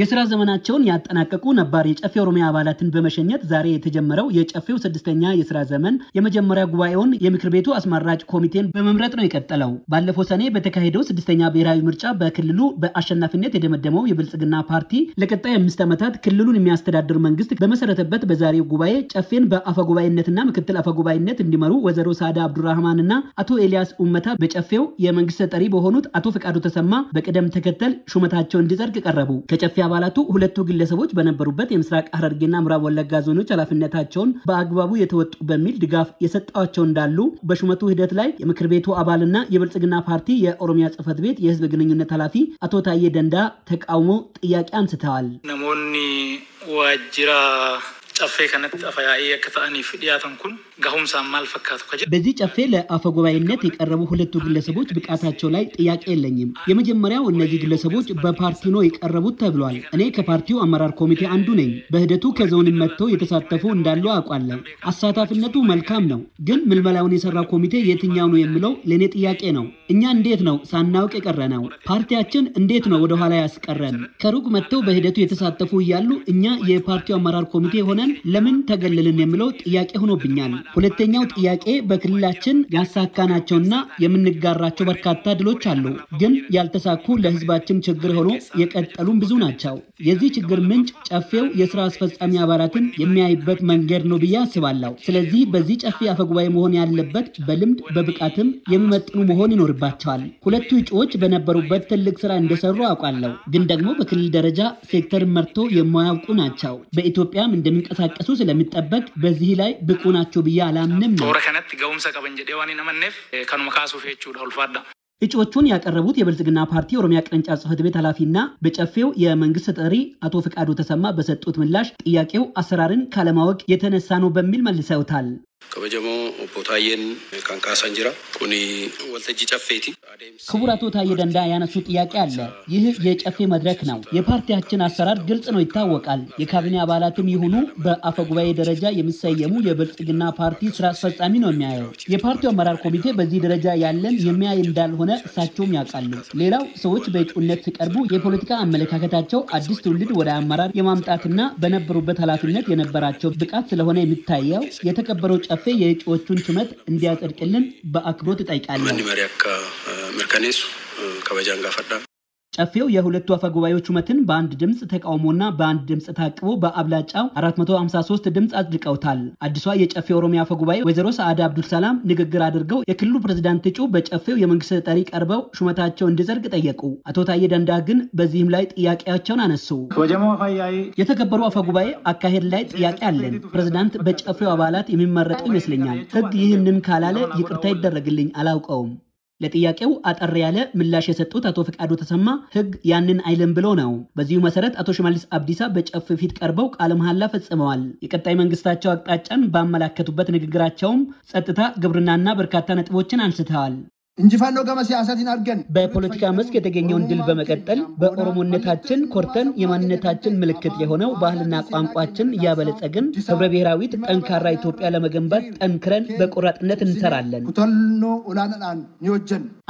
የስራ ዘመናቸውን ያጠናቀቁ ነባር የጨፌ ኦሮሚያ አባላትን በመሸኘት ዛሬ የተጀመረው የጨፌው ስድስተኛ የስራ ዘመን የመጀመሪያ ጉባኤውን የምክር ቤቱ አስመራጭ ኮሚቴን በመምረጥ ነው የቀጠለው። ባለፈው ሰኔ በተካሄደው ስድስተኛ ብሔራዊ ምርጫ በክልሉ በአሸናፊነት የደመደመው የብልጽግና ፓርቲ ለቀጣይ አምስት ዓመታት ክልሉን የሚያስተዳድር መንግስት በመሰረተበት በዛሬው ጉባኤ ጨፌን በአፈጉባኤነትና ምክትል አፈጉባኤነት እንዲመሩ ወይዘሮ ሳዳ አብዱራህማን አቶ ኤልያስ ኡመታ በጨፌው የመንግስት ተጠሪ በሆኑት አቶ ፈቃዱ ተሰማ በቅደም ተከተል ሹመታቸው እንዲጸድቅ ቀረቡ። ከጨፌ አባላቱ ሁለቱ ግለሰቦች በነበሩበት የምስራቅ ሐረርጌና ምዕራብ ወለጋ ዞኖች ኃላፊነታቸውን በአግባቡ የተወጡ በሚል ድጋፍ የሰጠዋቸው እንዳሉ በሹመቱ ሂደት ላይ የምክር ቤቱ አባልና የብልጽግና ፓርቲ የኦሮሚያ ጽህፈት ቤት የህዝብ ግንኙነት ኃላፊ አቶ ታዬ ደንዳ ተቃውሞ ጥያቄ አንስተዋል። ነሞኒ ዋጅራ ጨፌ ከነት ጠፈ ያኤ ከተአኒፍ ኩን ጋሁምሳ ማልፈካቱ በዚህ ጨፌ ለአፈ ጉባኤነት የቀረቡ ሁለቱ ግለሰቦች ብቃታቸው ላይ ጥያቄ የለኝም። የመጀመሪያው እነዚህ ግለሰቦች በፓርቲ ነው የቀረቡት ተብሏል። እኔ ከፓርቲው አመራር ኮሚቴ አንዱ ነኝ። በሂደቱ ከዞን መጥተው የተሳተፉ እንዳሉ አውቃለሁ። አሳታፊነቱ መልካም ነው። ግን ምልመላውን የሰራ ኮሚቴ የትኛው ነው የምለው ለእኔ ጥያቄ ነው። እኛ እንዴት ነው ሳናውቅ የቀረ ነው? ፓርቲያችን እንዴት ነው ወደኋላ ያስቀረን? ከሩቅ መጥተው በሂደቱ የተሳተፉ እያሉ እኛ የፓርቲው አመራር ኮሚቴ ሆነን ተገለልን ለምን ተገለልን የሚለው ጥያቄ ሆኖብኛል። ሁለተኛው ጥያቄ በክልላችን ያሳካናቸውና የምንጋራቸው በርካታ ድሎች አሉ፣ ግን ያልተሳኩ ለህዝባችን ችግር ሆኖ የቀጠሉም ብዙ ናቸው። የዚህ ችግር ምንጭ ጨፌው የስራ አስፈጻሚ አባላትን የሚያይበት መንገድ ነው ብዬ አስባለሁ። ስለዚህ በዚህ ጨፌ አፈጉባኤ መሆን ያለበት በልምድ በብቃትም የሚመጥኑ መሆን ይኖርባቸዋል። ሁለቱ እጩዎች በነበሩበት ትልቅ ስራ እንደሰሩ አውቃለሁ፣ ግን ደግሞ በክልል ደረጃ ሴክተር መርቶ የማያውቁ ናቸው። በኢትዮጵያም እንደሚንቀሳ እንዲንቀሳቀሱ ስለሚጠበቅ በዚህ ላይ ብቁ ናቸው ብዬ አላምንም ነው። እጩዎቹን ያቀረቡት የብልጽግና ፓርቲ ኦሮሚያ ቅርንጫፍ ጽህፈት ቤት ኃላፊና በጨፌው የመንግስት ተጠሪ አቶ ፍቃዱ ተሰማ በሰጡት ምላሽ ጥያቄው አሰራርን ካለማወቅ የተነሳ ነው በሚል መልሰውታል። ከበጀሞ ቦታዬን ካንካሳንጅራ ቁኒ ወልተጅ ጨፌቲ ክቡር አቶ ታዬ ደንዳ ያነሱ ጥያቄ አለ። ይህ የጨፌ መድረክ ነው። የፓርቲያችን አሰራር ግልጽ ነው፣ ይታወቃል። የካቢኔ አባላትም ይሁኑ በአፈጉባኤ ደረጃ የሚሰየሙ የብልጽግና ፓርቲ ስራ አስፈጻሚ ነው የሚያየው። የፓርቲው አመራር ኮሚቴ በዚህ ደረጃ ያለን የሚያይ እንዳልሆነ እሳቸውም ያውቃሉ። ሌላው ሰዎች በእጩነት ሲቀርቡ የፖለቲካ አመለካከታቸው አዲስ ትውልድ ወደ አመራር የማምጣትና በነበሩበት ኃላፊነት የነበራቸው ብቃት ስለሆነ የሚታየው የተከበረው ጨፌ የእጩዎቹን ሹመት እንዲያጸድቅልን በአክብሮት እጠይቃለሁ። mirkaneessu kabajaan ፈዳ ጨፌው የሁለቱ አፈ ጉባኤዎች ሹመትን በአንድ ድምፅ ተቃውሞና በአንድ ድምፅ ታቅቦ በአብላጫው 453 ድምፅ አጽድቀውታል። አዲሷ የጨፌ ኦሮሚያ አፈ ጉባኤ ወይዘሮ ሰዓዳ አብዱልሰላም ንግግር አድርገው የክልሉ ፕሬዚዳንት እጩ በጨፌው የመንግስት ተጠሪ ቀርበው ሹመታቸው እንዲዘርግ ጠየቁ። አቶ ታዬ ደንዳ ግን በዚህም ላይ ጥያቄያቸውን አነሱ። የተከበሩ አፈ ጉባኤ አካሄድ ላይ ጥያቄ አለን። ፕሬዚዳንት በጨፌው አባላት የሚመረጠው ይመስለኛል። ህግ ይህንም ካላለ ይቅርታ ይደረግልኝ አላውቀውም ለጥያቄው አጠር ያለ ምላሽ የሰጡት አቶ ፈቃዱ ተሰማ ህግ ያንን አይልም ብሎ ነው። በዚሁ መሰረት አቶ ሽመልስ አብዲሳ በጨፍ ፊት ቀርበው ቃለ መሐላ ፈጽመዋል። የቀጣይ መንግስታቸው አቅጣጫን ባመላከቱበት ንግግራቸውም ጸጥታ፣ ግብርናና በርካታ ነጥቦችን አንስተዋል። እንጂፋኖ ገመ ሲያሰትን አርገን በፖለቲካ መስክ የተገኘውን ድል በመቀጠል በኦሮሞነታችን ኮርተን የማንነታችን ምልክት የሆነው ባህልና ቋንቋችን እያበለጸግን ህብረ ብሔራዊት ጠንካራ ኢትዮጵያ ለመገንባት ጠንክረን በቆራጥነት እንሰራለን።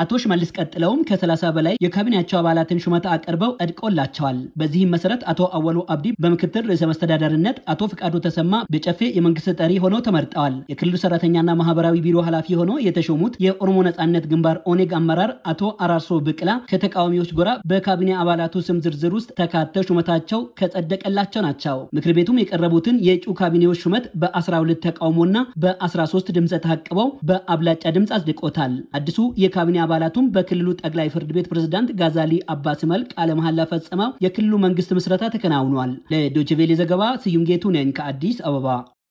አቶ ሽመልስ ቀጥለውም ከ30 በላይ የካቢኔያቸው አባላትን ሹመታ አቅርበው አድቆላቸዋል። በዚህም መሰረት አቶ አወሉ አብዲ በምክትል ርዕሰ መስተዳደርነት፣ አቶ ፍቃዱ ተሰማ በጨፌ የመንግስት ጠሪ ሆነው ተመርጠዋል። የክልሉ ሰራተኛና ማህበራዊ ቢሮ ኃላፊ ሆኖ የተሾሙት የኦሮሞ ነጻነት ግንባር ኦኔግ አመራር አቶ አራርሶ ብቅላ ከተቃዋሚዎች ጎራ በካቢኔ አባላቱ ስም ዝርዝር ውስጥ ተካተው ሹመታቸው ከጸደቀላቸው ናቸው። ምክር ቤቱም የቀረቡትን የእጩ ካቢኔዎች ሹመት በ12 ተቃውሞና በ13 ድምፀ ተሐቅበው በአብላጫ ድምፅ አጽድቆታል። አዲሱ የካቢኔ አባላቱም በክልሉ ጠቅላይ ፍርድ ቤት ፕሬዝዳንት ጋዛሊ አባስ መል ቃለ መሐላ ፈጽመው የክልሉ መንግስት ምስረታ ተከናውኗል። ለዶችቬሌ ዘገባ ስዩም ጌቱ ነኝ ከአዲስ አበባ